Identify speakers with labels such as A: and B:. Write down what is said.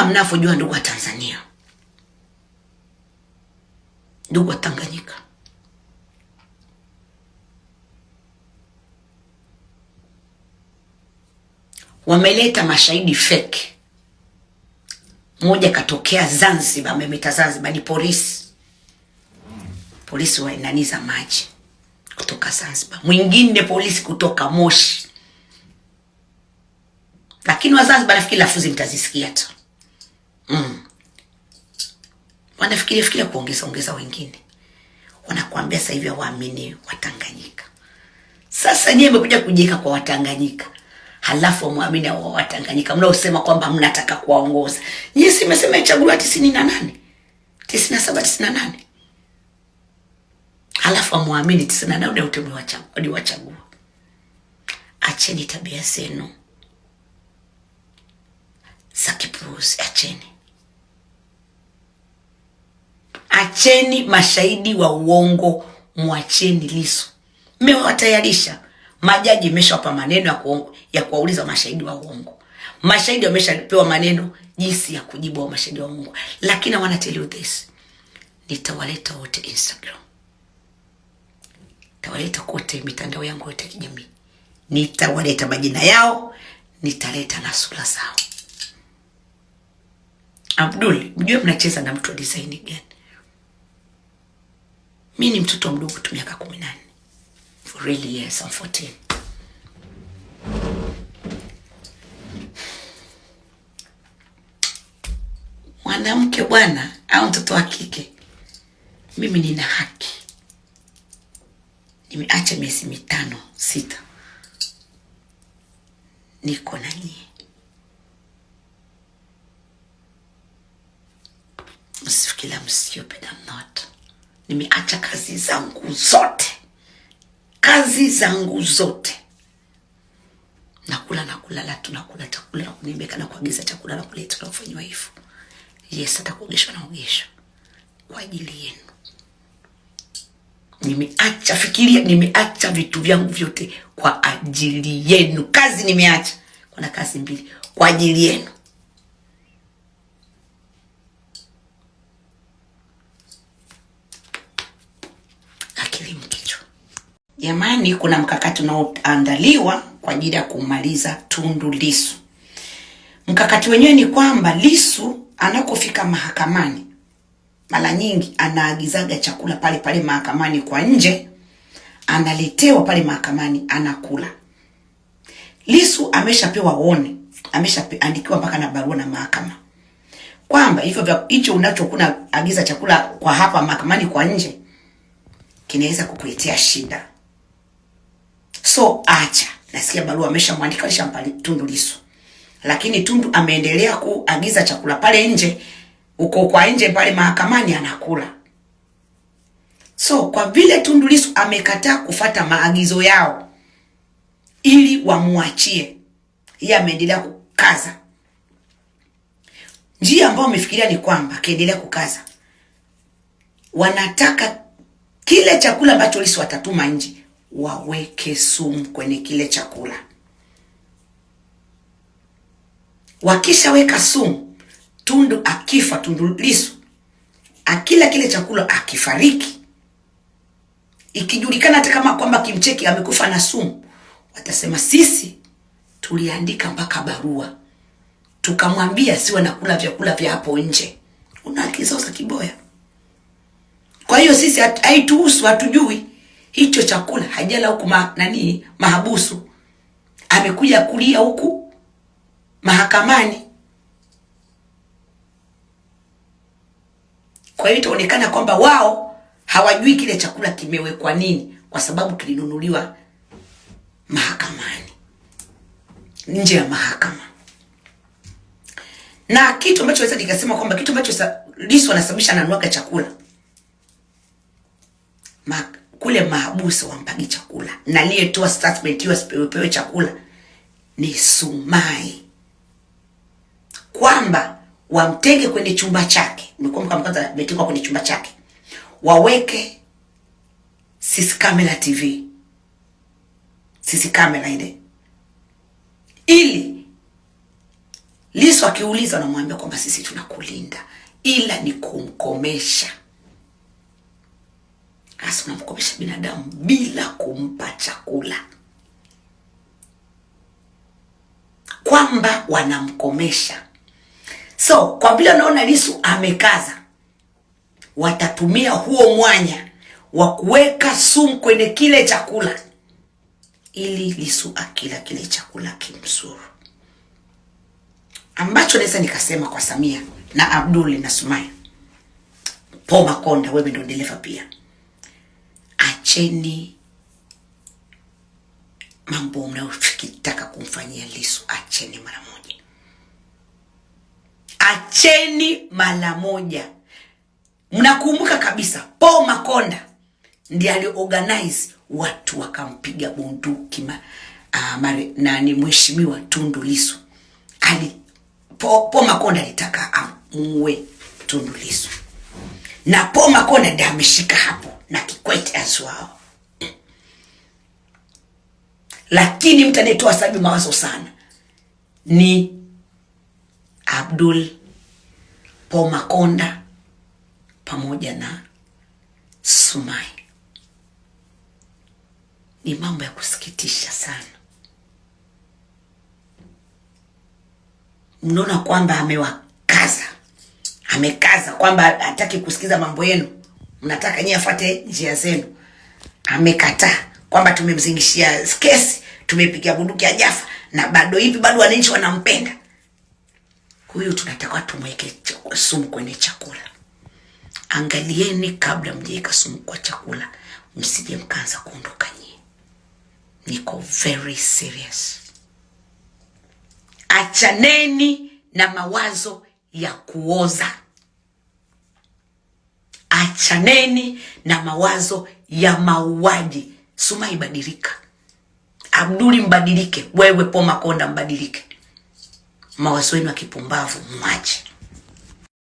A: kama mnavyojua, ndugu wa Tanzania, ndugu wa Tanganyika, wameleta mashahidi fake. Mmoja katokea Zanzibar, amemeta Zanzibar, ni polisi polisi wainaniza maji kutoka Zanzibar, mwingine polisi kutoka Moshi, lakini wa Zanzibar nafikiri lafuzi mtazisikia tu. Mm. Wanafikiria fikiria kuongeza ongeza wengine. Wanakuambia sasa hivi waamini Watanganyika. Sasa nyie mmekuja kujiweka kwa Watanganyika. Halafu wamwamini wa Watanganyika mnaosema kwamba mnataka kuwaongoza. Nyie si mmesema ichaguliwa 98. 97 98. Halafu amwamini 98 ndio utemwe wachagua. Acheni tabia zenu za kipuuzi, acheni. Acheni mashahidi wa uongo, mwacheni Lissu. Mmewatayarisha majaji, mmeshawapa maneno ya kuwauliza mashahidi wa uongo. Mashahidi wameshapewa maneno jinsi ya kujibu wa mashahidi wa uongo, lakini I wanna tell you this, nitawaleta wote Instagram, nitawaleta kote mitandao yangu yote ya kijamii, nitawaleta majina yao, nitaleta na sura zao. Abdul, mjue mnacheza na mtu wa design gani? mi ni mtoto mdogo tu miaka kumi na nne. Really, yes, I'm 14. Mwanamke bwana, au mtoto wa kike, mimi nina haki. Nimeacha miezi mitano sita, niko na nyie, msifikila mstupid, I'm not nimeacha kazi zangu zote, kazi zangu zote, nakula na kulala tu, nakula chakula na kunembeka na kuagiza chakula na kuleta na kufanywa hivyo. Yes, atakuogeshwa naogeshwa kwa ajili yenu. Nimeacha, fikiria, nimeacha vitu vyangu vyote kwa ajili yenu. Kazi nimeacha, kuna kazi mbili kwa ajili yenu.
B: Jamani, kuna mkakati unaoandaliwa kwa ajili ya kumaliza Tundu lisu Mkakati wenyewe ni kwamba lisu anakofika mahakamani, mara nyingi anaagizaga chakula pale pale mahakamani kwa nje, analetewa pale mahakamani, anakula. Lisu ameshapewa one, ameshaandikiwa mpaka na barua na mahakama kwamba hivyo vya hicho unachokuna agiza chakula kwa hapa mahakamani kwa nje kinaweza kukuletea shida. So acha. Nasikia barua ameshamwandika alishampali Tundu Lissu. Lakini Tundu ameendelea kuagiza chakula pale nje, uko kwa nje pale mahakamani anakula. So kwa vile Tundu Lissu amekataa kufata maagizo yao ili wamuachie, yeye ameendelea kukaza. Njia ambayo amefikiria ni kwamba akiendelea kukaza, wanataka kile chakula ambacho Lissu watatuma nje waweke sumu kwenye kile chakula. Wakishaweka sumu, Tundu akifa, Tundu Lissu akila kile chakula akifariki, ikijulikana hata kama kwamba kimcheki amekufa na sumu, watasema sisi tuliandika mpaka barua tukamwambia siwe na kula vyakula vya hapo nje. Una haki za kiboya. Kwa hiyo sisi haituhusu, hatujui hicho chakula hajala huku ma, nani mahabusu, amekuja kulia huku mahakamani. Kwa hiyo itaonekana kwamba wao hawajui kile chakula kimewekwa nini, kwa sababu kilinunuliwa mahakamani, nje ya mahakama. Na kitu ambacho naweza nikasema kwamba kitu ambacho Lissu anasababisha ananuaga chakula Maka kule mahabusu wampagi chakula, na aliyetoa statement hiyo asipewepewe chakula ni Sumai, kwamba wamtenge kwenye chumba chake, mlikuwa mkamkata kwenye chumba chake, waweke sisi kamera TV, sisi kamera ile, ili Lissu akiuliza, anamwambia kwamba sisi tunakulinda, ila ni kumkomesha sasa unamkopesha binadamu bila kumpa chakula, kwamba wanamkomesha. So kwa vile unaona Lissu amekaza, watatumia huo mwanya wa kuweka sumu kwenye kile chakula ili Lissu akila kile chakula kimzuru, ambacho naweza nikasema kwa Samia na abdul na Sumaya, Paul Makonda, wewe ndio dereva pia acheni mambo mnayotaka kumfanyia Lissu, acheni mara moja, acheni mara moja. Mnakumbuka kabisa Paul Makonda ndiye aliorganize watu wakampiga bunduki ma, uh, nani mheshimiwa Tundu Lissu ali Paul Makonda alitaka amue Tundu Lissu na Paul Makonda ameshika hapo na Kikwete as well. Lakini mtu anayetoa sabi mawazo sana ni Abdul Paul Makonda pamoja na Sumai. Ni mambo ya kusikitisha sana. Mnaona kwamba amewa amekaza kwamba hataki kusikiza mambo yenu, mnataka nyie afate njia zenu. Amekataa kwamba tumemzingishia kesi, tumepiga bunduki Jafa, na bado hivi bado wananchi wanampenda huyu. Tunataka tumweke sumu kwenye chakula. Angalieni kabla mjaweka sumu kwa chakula, msije mkaanza kuondoka nyie. Niko very serious. Achaneni na mawazo ya kuoza. Achaneni na mawazo ya mauaji. Sumai, badilika. Abduli, mbadilike. Wewe Poma Konda, mbadilike. Mawazo yenu ya kipumbavu mwache.